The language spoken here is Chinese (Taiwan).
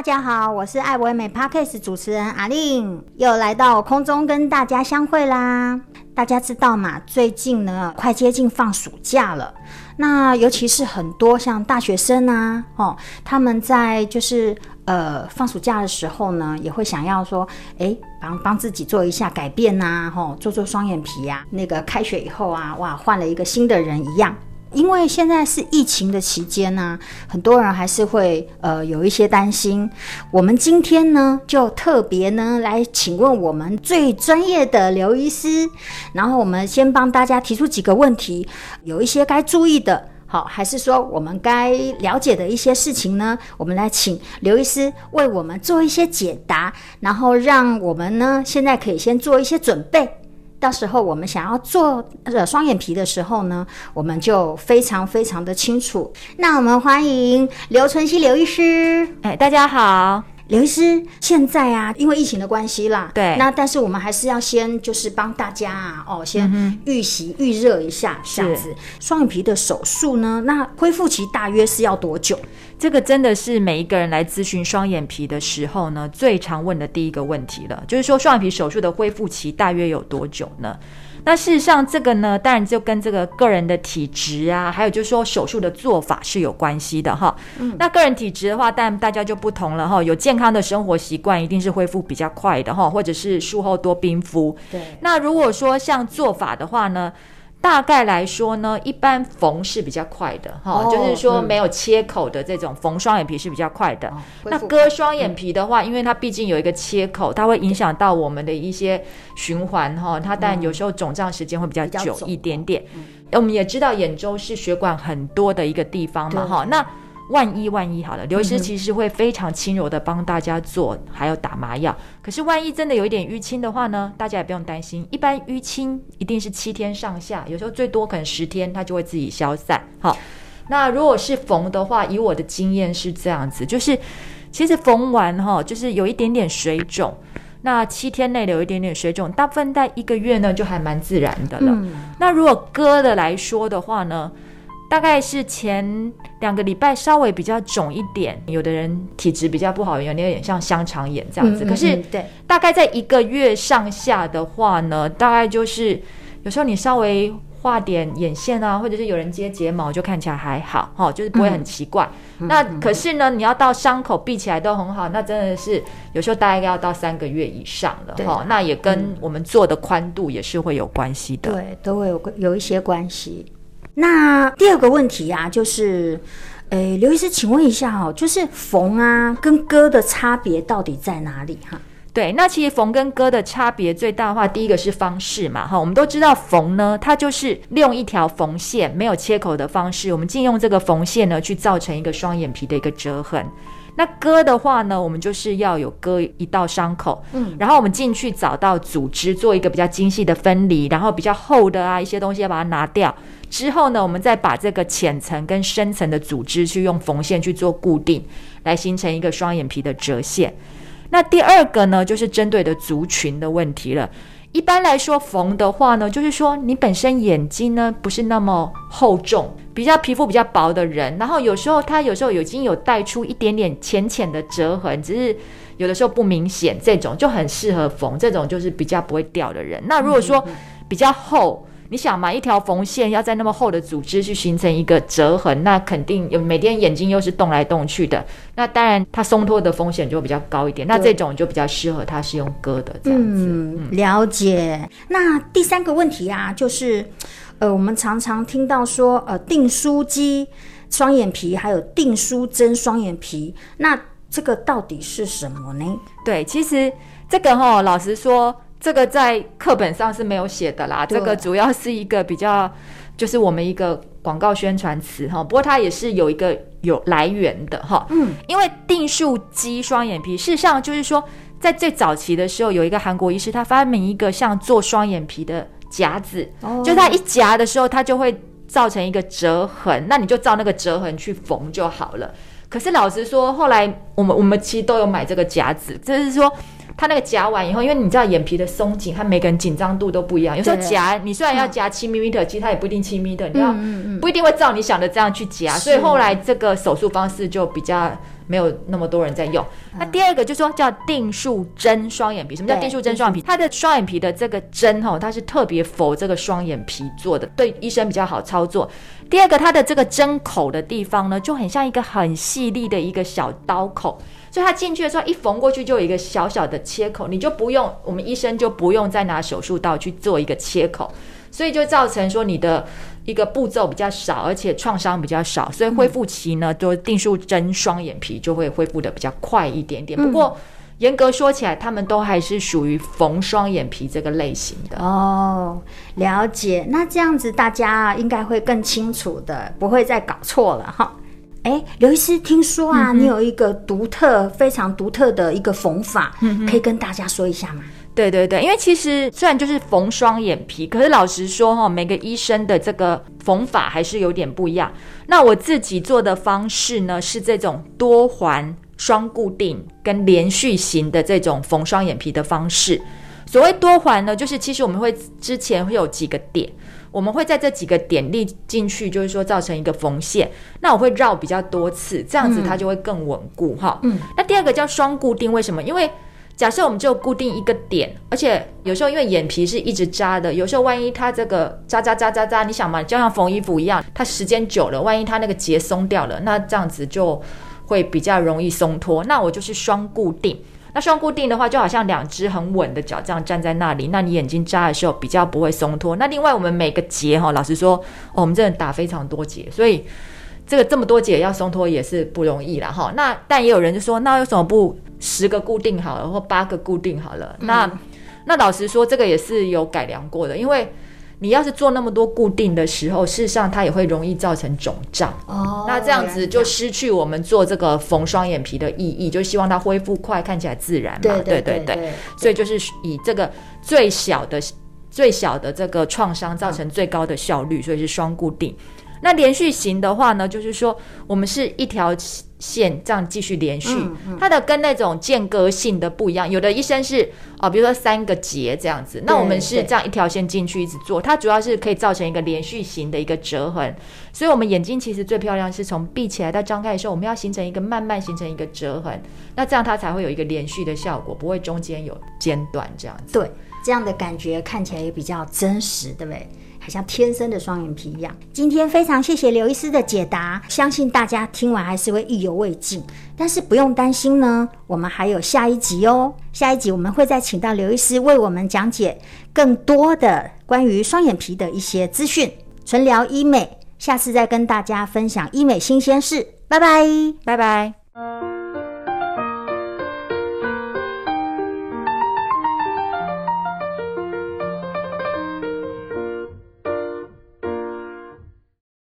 大家好，我是愛惟美 Podcast 主持人阿令，又來到空中跟大家相會啦。大家知道嘛？最近呢，快接近放暑假了，那尤其是很多像大學生啊，哦，他們在就是呃放暑假的時候呢，也會想要說，哎、欸，幫幫自己做一下改變吶、啊，吼、哦，做做雙眼皮呀、啊，那個開學以後啊，哇，換了一個新的人一樣。因為現在是疫情的期間呢，很多人還是會呃有一些擔心。我們今天呢就特別呢來請問我們最專業的劉醫師，然後我們先幫大家提出幾個問題，有一些該注意的，好，還是說我們該了解的一些事情呢？我們來請劉醫師為我們做一些解答，然後讓我們呢現在可以先做一些準備。到時候我們想要做呃雙眼皮的時候呢，我們就非常非常的清楚。那我們歡迎劉淳熙劉醫師，哎，大家好。劉醫師，現在啊，因為疫情的關係啦，對，那但是我們還是要先就是幫大家啊，哦，先預習預熱一下，這樣子。雙眼皮的手術呢，那恢復期大約是要多久？嗯。這個真的是每一個人來諮詢雙眼皮的時候呢，最常問的第一個問題了，就是說雙眼皮手術的恢復期大約有多久呢？那事實上，這個呢，當然就跟這個個人的體質啊，還有就是說手術的做法是有關係的哈。嗯，那個人體質的話，但大家就不同了哈。有健康的生活習慣，一定是恢復比較快的哈，或者是術後多冰敷。對。那如果說像做法的話呢？大概來說呢，一般縫是比較快的哈。哦，就是說沒有切口的這種縫雙眼皮是比較快的。哦嗯、那割雙眼皮的話，嗯、因為它畢竟有一個切口，它會影響到我們的一些循環哈，它但有時候腫脹時間會比較久一點點、嗯嗯。我們也知道眼周是血管很多的一個地方嘛哈，那。萬一萬一好了，劉醫師其實會非常輕柔的幫大家做、嗯，還有打麻藥。可是萬一真的有一點淤青的話呢，大家也不用擔心。一般淤青一定是七天上下，有時候最多可能十天，它就會自己消散。好，那如果是縫的話，以我的經驗是這樣子，就是其實縫完哈，就是有一點點水腫，那七天內有一點點水腫，大部分在一個月呢就還蠻自然的了。嗯、那如果割的來說的話呢？大概是前兩個禮拜稍微比較腫一點，有的人體質比較不好，有點有點像香腸眼這樣子。可是對，大概在一個月上下的話呢，大概就是有時候你稍微畫點眼線啊，或者是有人接睫毛，就看起來還好，齁，就是不會很奇怪。嗯、那可是呢，嗯、你要到傷口閉起來都很好，那真的是有時候大概要到三個月以上了齁。那也跟我們做的寬度也是會有關係的，對，都會有有一些關係。那第二個問題啊，就是，呃、欸，劉醫師，請問一下哈，就是縫啊跟割的差別到底在哪裡哈？對，那其實縫跟割的差別最大的話，第一個是方式嘛，哈，我們都知道縫呢，它就是利用一條縫線，沒有切口的方式，我們進用這個縫線呢，去造成一個雙眼皮的一個折痕。那割的話呢，我們就是要有割一道傷口，嗯，然後我們進去找到組織，做一個比較精細的分離，然後比較厚的啊一些東西要把它拿掉之後呢，我們再把這個淺層跟深層的組織去用縫線去做固定，來形成一個雙眼皮的折線。那第二個呢，就是針對的族群的問題了。一般來說，縫的話呢，就是說你本身眼睛呢不是那麼厚重，比較皮膚比較薄，的人，然後有時候他有時候有已經有帶出一點點淺淺的折痕，只是有的時候不明顯，這種就很適合縫。這種就是比較不會掉的人。那如果說比較厚。你想嘛，一條縫線要在那麼厚的組織去形成一個折痕，那肯定有每天眼睛又是動來動去的，那當然它鬆脫的風險就比較高一點。那這種就比較適合它是用割的這樣子嗯。嗯，了解。那第三個問題啊，就是，呃，我們常常聽到說，呃，訂書機雙眼皮，還有訂書針雙眼皮，那這個到底是什麼呢？對，其實這個哈、哦，老實說。這個在課本上是沒有寫的啦，這個主要是一個比較，就是我們一個廣告宣傳詞哈。不過它也是有一個有來源的哈。嗯，因為訂書機雙眼皮，事實上就是說，在最早期的時候，有一個韓國醫師，他發明一個像做雙眼皮的夾子，哦、就他一夾的時候，它就會造成一個折痕，那你就照那個折痕去縫就好了。可是老實說，後來我們我們其實都有買這個夾子，就是說。它那個夾完以後，因為你知道眼皮的鬆緊它每個人緊張度都不一樣，有時候夾你雖然要夾七 mm 的，其實它也不一定七 mm 的，你、嗯、要、嗯嗯、不一定會照你想的這樣去夾，所以後來這個手術方式就比較。沒有那麼多人在用。那第二個就是說叫訂書針雙眼皮。嗯，什麼叫訂書針雙眼皮？它的雙眼皮的這個針哈、哦，它是特別縫這個雙眼皮做的，對醫生比較好操作。第二個，它的這個針口的地方呢，就很像一個很細膩的一個小刀口，所以它進去的時候一縫過去就有一個小小的切口，你就不用，我們醫生就不用再拿手術刀去做一個切口。所以就造成說你的一個步驟比較少，而且創傷比較少，所以恢復期呢，嗯、就訂書針雙眼皮就會恢復得比較快一點點。不過嚴格說起來、嗯，他們都還是屬於縫雙眼皮這個類型的。哦，了解。那這樣子大家應該會更清楚的，不會再搞錯了哈。哦、欸、劉醫師，聽說啊，嗯、你有一個獨特、非常獨特的一個縫法、嗯，可以跟大家說一下嗎？對對對，因為其實雖然就是縫雙眼皮，可是老實說哈，每個醫生的這個縫法還是有點不一樣。那我自己做的方式呢，是這種多環雙固定跟連續型的這種縫雙眼皮的方式。所謂多環呢，就是其實我們會之前會有幾個點，我們會在這幾個點立進去，就是說造成一個縫線。那我會繞比較多次，這樣子它就會更穩固哈。嗯。那第二個叫雙固定，為什麼？因為假設我們就固定一個點，而且有時候因為眼皮是一直扎的，有時候萬一它這個扎扎扎扎扎，你想嘛，就像縫衣服一樣，它時間久了，萬一它那個結鬆掉了，那這樣子就會比較容易鬆脫。那我就是雙固定，那雙固定的話，就好像兩隻很穩的腳這樣站在那裡，那你眼睛扎的時候比較不會鬆脫。那另外我們每個結哈，老實說，哦，我們真的打非常多結，所以這個這麼多結要鬆脫也是不容易啦哈。那但也有人就說，那為什麼不？十個固定好了，或八個固定好了。那、嗯、那老實說，這個也是有改良過的。因為你要是做那麼多固定的時候，事實上它也會容易造成腫脹。哦，那這樣子就失去我們做這個縫雙眼皮的意義、嗯，就希望它恢復快，看起來自然嘛。對對對，對，對。所以就是以這個最小的、最小的這個創傷造成最高的效率，嗯、所以是雙固定。那連續型的話呢，就是說我們是一條線這樣繼續連續，嗯嗯、它的跟那種間隔性的不一樣。有的醫生是哦，比如說三個結這樣子，那我們是這樣一條線進去一直做，它主要是可以造成一個連續型的一個折痕。所以，我們眼睛其實最漂亮是從閉起來到張開的時候，我們要形成一個慢慢形成一個折痕，那這樣它才會有一個連續的效果，不會中間有間斷這樣子。對，這樣的感覺看起來也比較真實，對不對？好像天生的雙眼皮一樣。今天非常謝謝劉醫師的解答，相信大家聽完還是會意猶未盡。但是不用擔心呢，我們還有下一集哦、喔。下一集我們會再請到劉醫師為我們講解更多的關於雙眼皮的一些資訊，淳聊醫美。下次再跟大家分享醫美新鮮事，拜拜，拜拜。